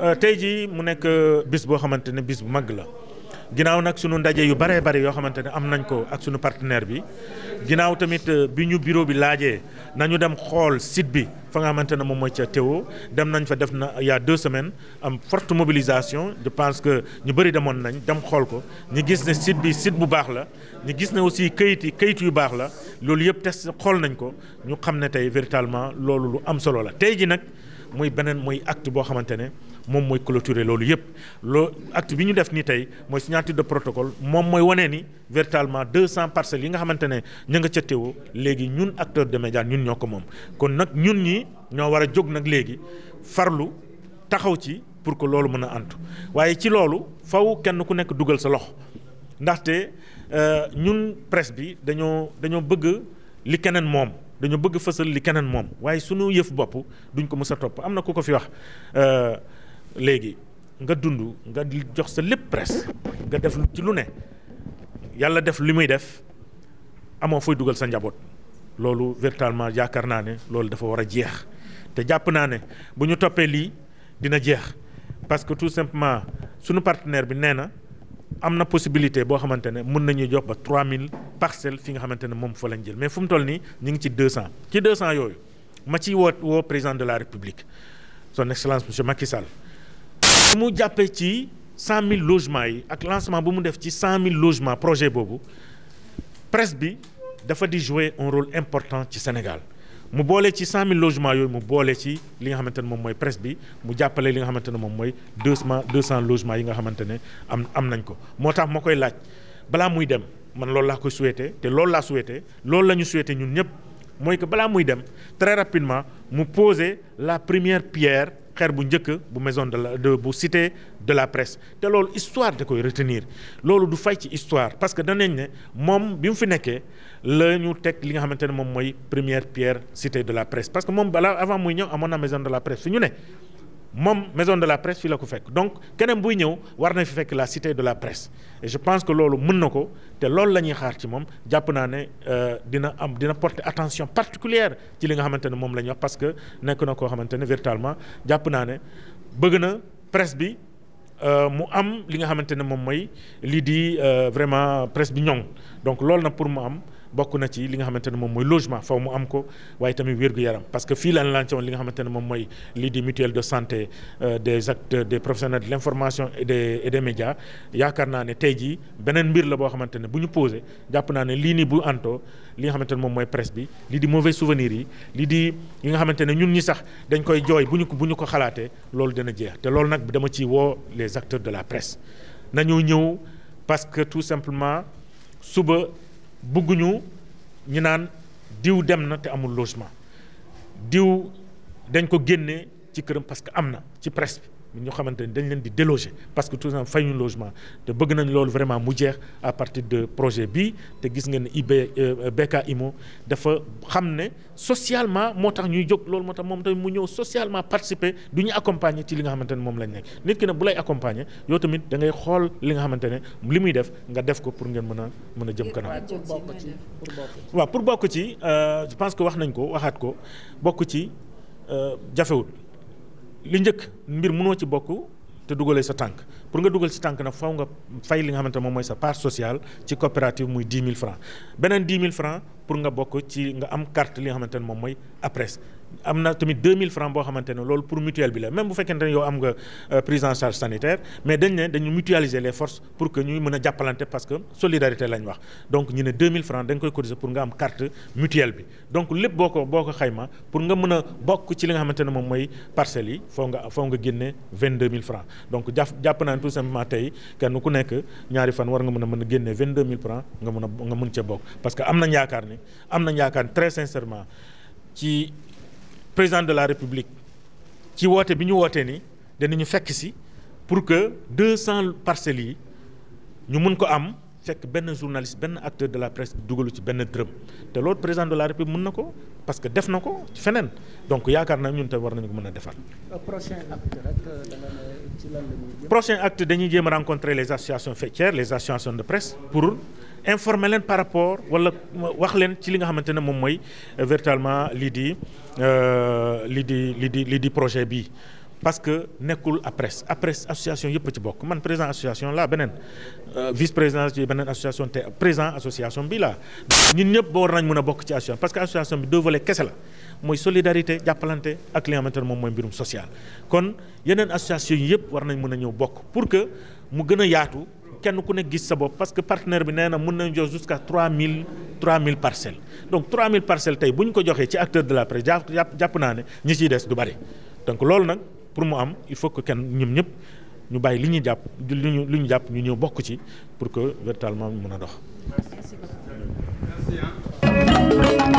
Euh, tey jii mu nekk euh, bis boo xamante ne bis bu mag la ginnaaw nag sunu ndaje yu baree bari yoo xamante ne am nañ ko ak sunu partenaire bi ginnaaw tamit euh, bi ñu bureau bi laajee nañu dem xool site bi fa nga xamante ne moom mooy ca Théo dem nañ fa def na il y deux semaines am forte mobilisation je pense que ñu bari demoon nañ dem xool ko ñu gis ne site bi site bu baax la ñu gis ne aussi kayit yi kayit yu baax la loolu yëpp test xool nañ ko ñu xam ne tey véritablement loolu lu am solo la tey nag. muy beneen muy acte boo xamante ne moom mooy clôturer loolu yëpp loo acte bi ñu def nii tey mooy si signature de protocole moom mooy wanee ni véritablement deux cent parcelles yi nga xamante ne ñu nga ca teewoo léegi ñun acteur de médias ñun ñoo ko moom kon nag ñun ñi ñoo war a jóg nag léegi farlu taxaw ci pour que loolu mën a antu waaye ci loolu fow kenn ku nekk dugal sa loxo ndaxte euh, ñun presse bi dañoo dañoo bëgg li keneen moom dañu bëgg fësal li keneen moom waaye sunu yëf bopp duñ ko mës a topp am na ku ko fi wax euh, léegi nga dund nga jox sa lépp presse nga def ci lu ne yàlla def li muy def amoo fooy dugal sa njaboot loolu véritablement yaakaar naa ne loolu dafa war a jeex te jàpp naa ne bu ñu toppee lii dina jeex parce que tout simplement sunu partenaire bi nee na. am na possibilité boo xamante ne mën nañuy jox ba mille parcelle fi nga xamante ne moom foo lañ jël mais fu mu toll nii ñu ngi ci 200 ci 200 yooyu ma ciy woo woo président de la république son excellence monsieur makisal Sall mu jàppee ci 100000 logements yi ak lancement bu mu def ci 100000 logements projet boobu presse bi dafa di jouer un rôle important ci Sénégal. mu boole ci 100000 logements yooyu mu boole ci li nga xamante ne moom mooy presse bi mu jàppale li nga xamante ne moom mooy 200 200 logements yi nga xamante ne am am nañ ko moo tax ma koy laaj balaa muy dem man loolu laa koy souhaité te loolu laa souhaité loolu la ñu souhaité ñun ñëpp mooy que balaa muy dem très rapidement mu poser la première pierre. xeer bu njëkk bu maison de la de bu cité de la presse te loolu histoire da koy retenir loolu du fay ci histoire parce que danañ ne moom bi mu fi nekkee la teg li nga xamante ne moom mooy première pierre cité de la presse parce que moom balaa avant muy ñëw amoon na maison de la presse fi ñu ne moom maison de la presse fii la ko fekk donc keneen buy ñëw war na fi fekk la cité de la presse je pense que loolu mën na ko te loolu la ñuy xaar ci moom jàpp naa ne euh, dina am dina porter attention particulière ci li nga xamante ne moom la ñuy wax parce que nekk na koo xamante ne véritablement jàpp naa ne bëgg na presse bi euh, mu am li nga xamante ne moom mooy lii di euh, vraiment presse bi ñoŋ donc loolu na pour mu am. bokk na ci li nga xamante ne moom mooy logement faw mu am ko waaye tamit wér-gu-yaram parce que fii lan lancewoon li nga xamante ne moom mooy lii di mutuelle de santé euh, des acteurs des professionnels de l'information et des et yaakaar naa ne tey jii beneen mbir la boo xamante ne bu ñu posé jàpp naa ne lii nii bu antoo li nga xamante ne moom mooy presse bi lii di mauvais souvenirs yi lii di yi nga xamante ne ñun ñi sax dañ koy jooy bu ñu ko bu ñu ko xalaatee loolu dana jeex te loolu nag dama ci woo les acteurs de la presse nañu parce que tout simplement suba bëgguñu ñu naan diw dem na te amul logement diw dañ ko génne ci këram parce que am na ci presse bi ñoo xamante ni dañ leen di déloger parce que tout simplement fay ñu logement te bëgg nañ loolu vraiment mu jeex à partir de projet bii te gis ngeen ne IB euh, BK IMO dafa xam ne socialement moo tax ñuy jóg loolu moo tax moom tamit mu ñëw socialement participer du ñu accompagner ci li nga xamante ne moom lañ nekk nit ki nag bu lay accompagner yow tamit dangay xool li nga xamante ne li muy def nga def ko pour ngeen mën a mën a jëm kanam. waaw pour bokk ci euh, je pense que wax nañ ko waxaat ko bokk ci euh, jafewul. li njëkk mbir munoo ci bokk te dugalee sa tànk pour nga dugal si tànk na faw nga fay li nga xamante moom mooy sa part sociale ci coopérative muy 10 mille francs beneen dix mille francs pour nga bokk ci nga am carte li nga xamante ne moom mooy APRES am na tamit 2000 francs boo xamante ne loolu pour mutuelle bi la même bu fekkente ne yow am nga euh, prise en charge sanitaire mais dañ ne dañu mutualiser les forces pour que ñuy mën a jàppalante parce que solidarité lañ wax donc ñu ne 2000 francs bi donc lépp boo ko boo ko xayma pour nga mën a bokk ci li nga xamante ne moom mooy parcelles yi foo nga foo nga génne 22000 francs donc jàpp jàpp naa ne tout simplement tey kenn ku nekk ñaari fan war nga mën a mën a génne 22000 francs nga a nga mën ca bokk parce que am nañ yaakaar ni am nañ yaakaar président de la république ci woote bi ñu wootee ni danañu fekk si pour que deux cent parcelles yi ñu mun ko am fekk benn journaliste benn acteur de la presse dugalu ci benn dërëm te loolu président de la république mun na ko parce que def na ko ci feneen donc yaakaar naa ñun te war nañu ko mën a defar. prochain acte rek euh, jëm. dañuy jéem a rencontrer les associations faîtières les associations de presse informer leen par rapport wala wax leen ci li nga xamante ne moom mooy euh, véritablement lii di euh, lii di lii di lii di projet bii. parce que nekkul APRES APRES association yëpp ci bokk man président association laa beneen euh, vice président ci beneen association te président association bi laa. ñun ñëpp war nañ mën a bokk ci association parce que association bi deux volets kese la mooy solidarité jàppalante ak li nga xamante ne moom mooy mbirum social. kon yeneen association yi yëpp war nañ mën a ñëw bokk pour que mu gën a yaatu. kenn ku nekk gis sa bopp parce que partenaire bi nee na mën nañu jox jusqu'à 3000 3000 parcelles donc 3000 parcelle tey bu ñu ko joxee ci acteur de la presse jàpp jàpp naa ne ñi ciy des du bari donc loolu nag pour mu am il faut que kenn ñoom ñëpp ñu bàyyi li ñu jàpp li ñu li ñu jàpp ñu ñëw bokk ci pour que véritablement mën a dox.